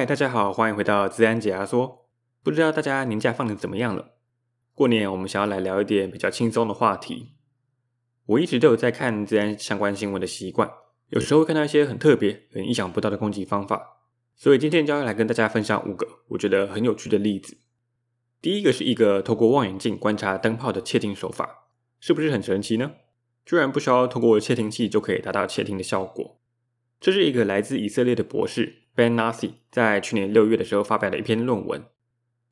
嗨，大家好，歡迎回到資安解壓縮。不知道大家年假放的怎麼樣了？過年我們想要來聊一點比較輕鬆的話題。我一直都有在看資安相關新聞的習慣，有時候會看到一些很特別、很意想不到的攻擊方法。所以今天就要來跟大家分享五個我覺得很有趣的例子。第一個是一個透過望遠鏡觀察燈泡的竊聽手法，是不是很神奇呢？居然不需要透過竊聽器就可以達到竊聽的效果。這是一個來自以色列的博士。Ben Nassi 在去年六月的時候發表了一篇論文，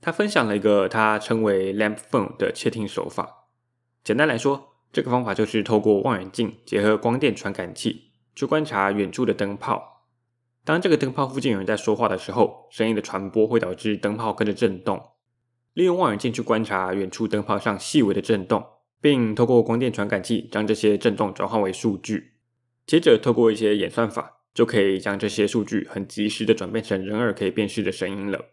他分享了一個他稱為 Lamphone 的竊聽手法。簡單來說，這個方法就是透過望遠鏡結合光電傳感器去觀察遠處的燈泡。當這個燈泡附近有人在說話的時候，聲音的傳播會導致燈泡跟着震動。利用望遠鏡去觀察遠處燈泡上細微的震動，並透過光電傳感器將這些震動轉換為數據，接着透過一些演算法。就可以將這些數據很及時的轉變成人耳可以辨識的聲音了。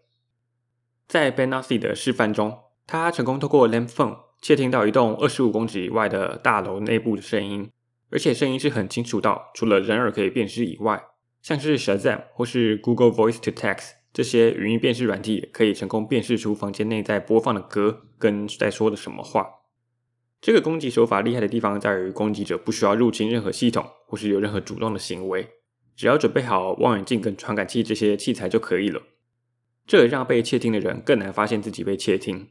在 Benassi 的示範中，他成功透過 Lamphone 竊聽到一棟二十五公尺以外的大樓內部的聲音，而且聲音是很清楚到除了人耳可以辨識以外，像是 Shazam 或是 Google Voice to Text 這些語音辨識軟體也可以成功辨識出房間內在播放的歌跟在說的什麼話。這個攻擊手法厲害的地方在於，攻擊者不需要入侵任何系統或是有任何主動的行為。只要準備好望遠鏡跟傳感器這些器材就可以了，這讓被竊聽的人更難發現自己被竊聽。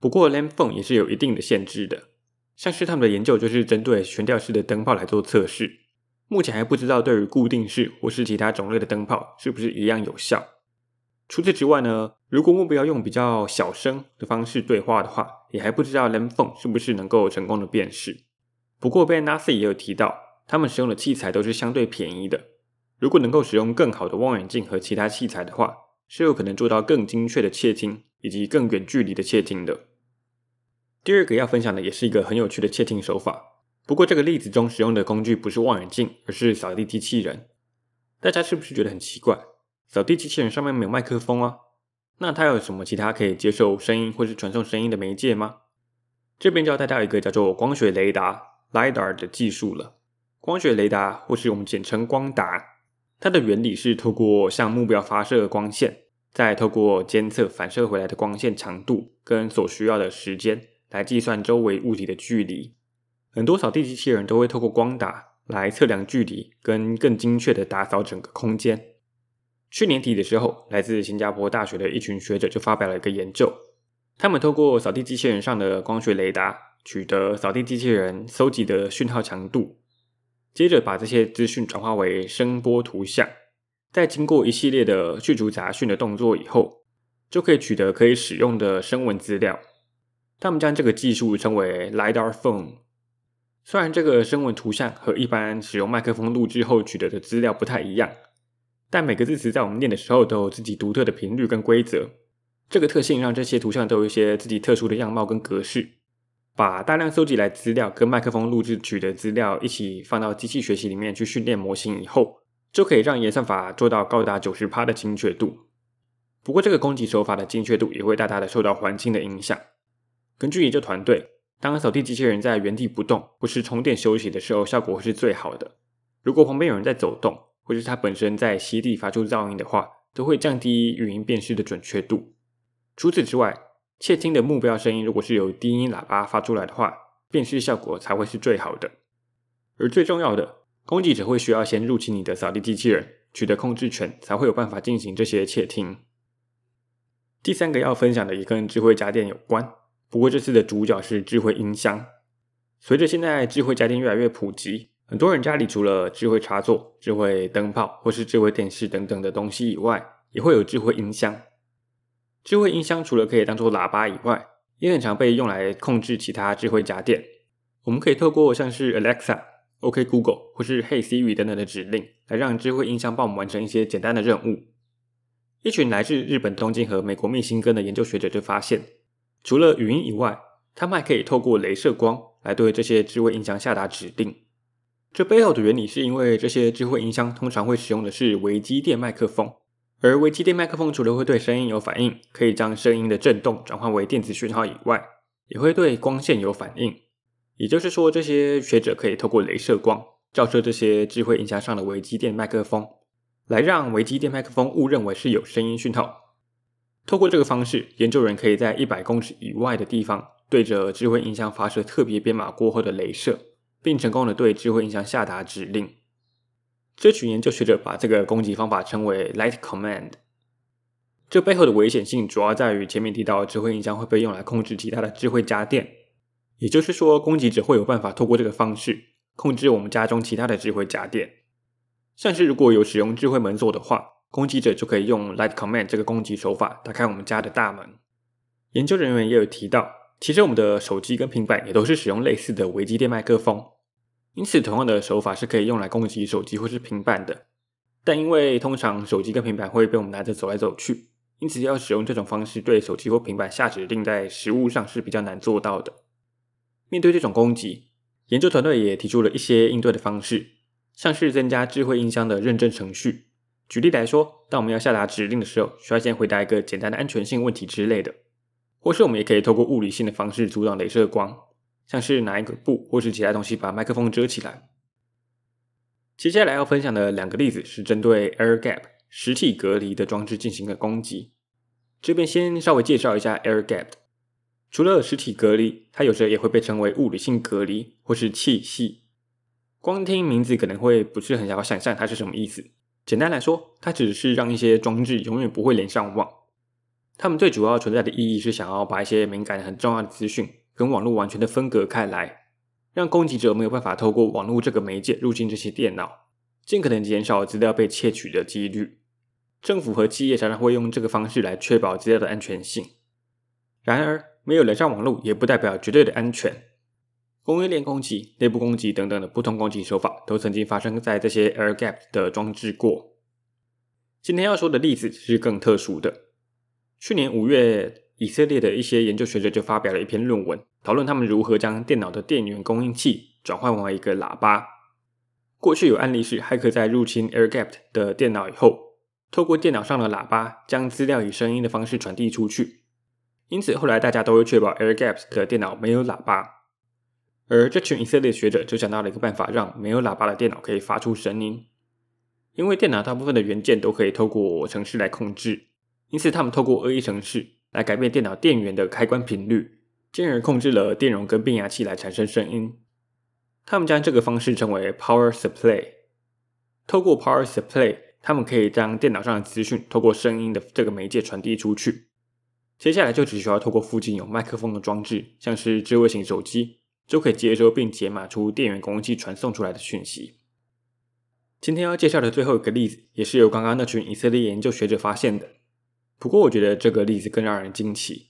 不過 Lamphone 也是有一定的限制的，像是他們的研究就是針對懸吊式的燈泡來做測試，目前還不知道對於固定式或是其他種類的燈泡是不是一樣有效。除此之外呢，如果目標用比較小聲的方式對話的話，也還不知道 Lamphone 是不是能夠成功的辨識。不過，Ben Nassi 也有提到。他們使用的器材都是相對便宜的。如果能夠使用更好的望遠鏡和其他器材的話，是有可能做到更精確的竊聽以及更遠距離的竊聽的。第二個要分享的也是一個很有趣的竊聽手法，不過這個例子中使用的工具不是望遠鏡，而是掃地機器人。大家是不是覺得很奇怪？掃地機器人上面沒有麥克風啊？那它有什麼其他可以接受聲音或是傳送聲音的媒介嗎？這邊就要帶到一個叫做光學雷達 （LiDAR） 的技術了。光學雷達，或是我們簡稱光達，它的原理是透過向目標發射光線，再透過監測反射回來的光線強度跟所需要的時間，來計算周圍物體的距離。很多掃地機器人都會透過光達來測量距離，跟更精確的打掃整個空間。去年底的時候，來自新加坡大學的一群學者就發表了一個研究，他們透過掃地機器人上的光學雷達，取得掃地機器人蒐集的訊號強度。接着把這些資訊轉化為聲波圖像，在經過一系列的去除雜訊的動作以後，就可以取得可以使用的聲紋資料。他們將這個技術稱為 Lidar Phone。雖然這個聲紋圖像和一般使用麥克風錄製後取得的資料不太一樣，但每個字詞在我們念的時候都有自己獨特的頻率跟規則。這個特性讓這些圖像都有一些自己特殊的樣貌跟格式。把大量收集來資料跟麥克風錄製取的資料一起放到機器學習裡面去訓練模型以後，就可以讓演算法做到高達九十趴的精確度。不過，這個攻擊手法的精確度也會大大的受到環境的影響。根據研究團隊，當掃地機器人在原地不動或是充電休息的時候，效果會是最好的。如果旁邊有人在走動，或是它本身在吸地發出噪音的話，都會降低語音辨識的準確度。除此之外，竊聽的目標聲音如果是由低音喇叭發出來的話，辨識效果才會是最好的。而最重要的，攻擊者會需要先入侵你的掃地機器人，取得控制權，才會有辦法進行這些竊聽。第三個要分享的，也跟智慧家電有關，不過這次的主角是智慧音箱。隨着現在智慧家電越來越普及，很多人家裡除了智慧插座、智慧燈泡或是智慧電視等等的東西以外，也會有智慧音箱。智慧音箱除了可以當做喇叭以外，也很常被用來控制其他智慧家電。我們可以透過像是 Alexa、OK Google 或是 Hey Siri 等等的指令，來讓智慧音箱幫我們完成一些簡單的任務。一群來自日本東京和美國密西根的研究學者就發現，除了語音以外，他們還可以透過雷射光來對這些智慧音箱下達指令。這背後的原理是因為這些智慧音箱通常會使用的是微機電麥克風。而微機電麥克風除了會對聲音有反應，可以將聲音的振動轉換為電子訊號以外，也會對光線有反應。也就是說，這些學者可以透過雷射光照射這些智慧音箱上的微機電麥克風，來讓微機電麥克風誤認為是有聲音訊號。透過這個方式，研究人可以在一百公尺以外的地方，對着智慧音箱發射特別編碼過後的雷射，並成功的對智慧音箱下達指令。這群研究學者把這個攻擊方法稱為 Light Command。這背後的危險性主要在於前面提到，智慧音箱會被用來控制其他的智慧家電，也就是說，攻擊者會有辦法透過這個方式控制我們家中其他的智慧家電。像是如果有使用智慧門鎖的話，攻擊者就可以用 Light Command 這個攻擊手法打開我們家的大門。研究人員也有提到，其實我們的手機跟平板也都是使用類似的微機電麥克風。因此，同樣的手法是可以用來攻擊手機或是平板的。但因為通常手機跟平板會被我們拿着走來走去，因此要使用這種方式對手機或平板下指令，在實務上是比較難做到的。面對這種攻擊，研究團隊也提出了一些應對的方式，像是增加智慧音箱的認證程序。舉例來說，當我們要下達指令的時候，需要先回答一個簡單的安全性問題之類的，或是我們也可以透過物理性的方式阻擋雷射光。像是拿一個布或是其他東西把麥克風遮起來。接下來要分享的兩個例子是針對 air gap 實體隔離的裝置進行的攻擊。這邊先稍微介紹一下 air gap。除了實體隔離，它有時候也會被稱為物理性隔離或是氣隙。光聽名字可能會不是很想要想象它是什麼意思。簡單來說，它只是讓一些裝置永遠不會連上網。它們最主要存在的意義是想要把一些敏感、很重要的資訊。跟網絡完全的分隔開來，讓攻擊者沒有辦法透過網絡這個媒介入侵這些電腦，盡可能減少資料被竊取的幾率。政府和企業常常會用這個方式來確保資料的安全性。然而，沒有連上網絡也不代表絕對的安全。供應鏈攻擊、內部攻擊等等的不同攻擊手法都曾經發生在這些 air gap 的裝置過。今天要說的例子是更特殊的。去年五月，以色列的一些研究學者就發表了一篇論文。討論他們如何將電腦的電源供應器轉換為一個喇叭。過去有案例是駭客在入侵 AirGap 的電腦以後，透過電腦上的喇叭將資料以聲音的方式傳遞出去。因此後來大家都會確保 AirGaps 的電腦沒有喇叭。而這群以色列學者就想到了一個辦法，讓沒有喇叭的電腦可以發出聲音。因為電腦大部分的元件都可以透過程式來控制，因此他們透過惡意程式來改變電腦電源的開關頻率。進而控制了電容跟變壓器來產生聲音。他們將這個方式稱為 power supply。透過 power supply，他們可以將電腦上的資訊透過聲音的這個媒介傳遞出去。接下來就只需要透過附近有麥克風的裝置，像是智慧型手機，就可以接收並解碼出電源供應器傳送出來的訊息。今天要介紹的最後一個例子，也是由剛剛那群以色列研究學者發現的。不過我覺得這個例子更讓人驚奇。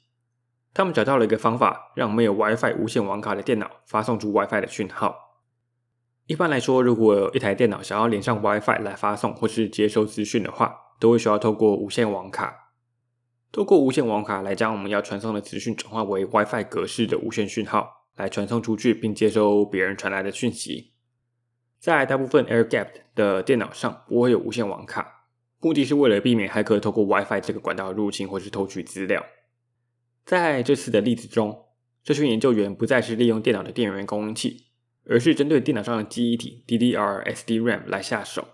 他們找到了一個方法讓我們，讓沒有 WiFi 無線網卡的電腦發送出 WiFi 的訊號。一般來說，如果有一台電腦想要連上 WiFi 來發送或是接收資訊的話，都會需要透過無線網卡。透過無線網卡來將我們要傳送的資訊轉化為 WiFi 格式的無線訊號，來傳送出去，並接收別人傳來的訊息。在大部分 Air Gap 的電腦上不會有無線網卡，目的是為了避免駭客透過 WiFi 這個管道入侵或是偷取資料。在這次的例子中，這群研究員不再是利用電腦的電源供應器，而是針對電腦上的記憶體 DDR SDRAM 來下手。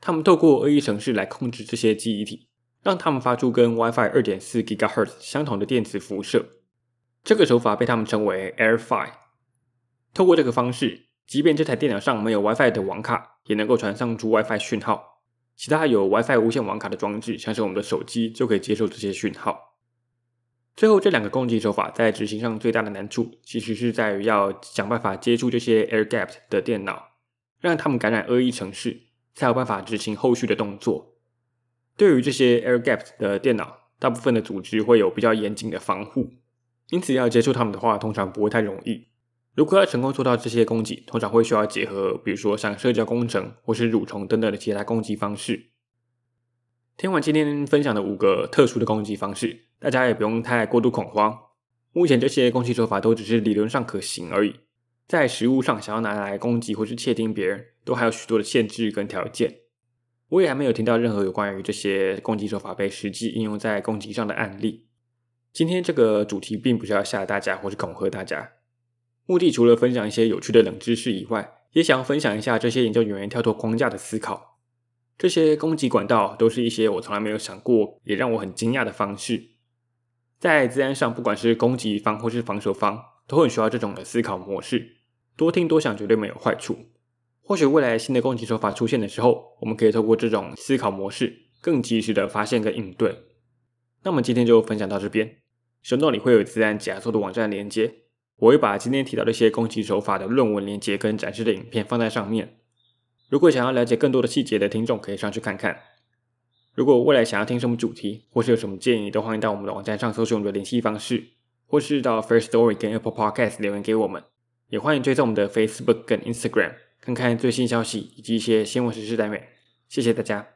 他們透過惡意程式來控制這些記憶體，讓他們發出跟 WiFi 2.4 GHz 相同的電磁輻射。這個手法被他們稱為 Air-Fi。透過這個方式，即便這台電腦上沒有 WiFi 的網卡，也能夠傳上出 WiFi 訊號。其他有 WiFi 無線網卡的裝置，像是我們的手機，就可以接受這些訊號。最後，這兩個攻擊手法在執行上最大的難處，其實是在於要想辦法接觸這些 air gap 的電腦，讓他們感染惡意程式，才有辦法執行後續的動作。對於這些 air gap 的電腦，大部分的組織會有比較嚴謹的防護，因此要接觸他們的話，通常不會太容易。如果要成功做到這些攻擊，通常會需要結合，比如說像社交工程或是蠕蟲等等的其他攻擊方式。聽完今天分享的五個特殊的攻擊方式，大家也不用太過度恐慌。目前這些攻擊手法都只是理論上可行而已，在實務上想要拿來攻擊或是竊聽別人，都還有許多的限制跟條件。我也還沒有聽到任何有關於這些攻擊手法被實際應用在攻擊上的案例。今天這個主題並不是要嚇大家或是恐嚇大家，目的除了分享一些有趣的冷知識以外，也想要分享一下這些研究人員跳脫框架的思考。這些攻擊管道都是一些我從來沒有想過，也讓我很驚訝的方式。在資安上，不管是攻擊方或是防守方，都會需要這種的思考模式。多聽多想絕對沒有壞處。或許未來新的攻擊手法出現的時候，我們可以透過這種思考模式，更及時的發現跟應對。那麼今天就分享到這邊，頻道裡會有資安解壓縮的網站連接，我會把今天提到這些攻擊手法的論文連接跟展示的影片放在上面。如果想要了解更多的細節的聽眾，可以上去看看。如果未來想要聽什麼主題，或是有什麼建議，都歡迎到我們的網站上搜索我們的聯繫方式，或是到 Firstory 跟 Apple Podcast 留言給我們。也歡迎追蹤我們的 Facebook 跟 Instagram，看看最新消息以及一些新聞時事單元。謝謝大家。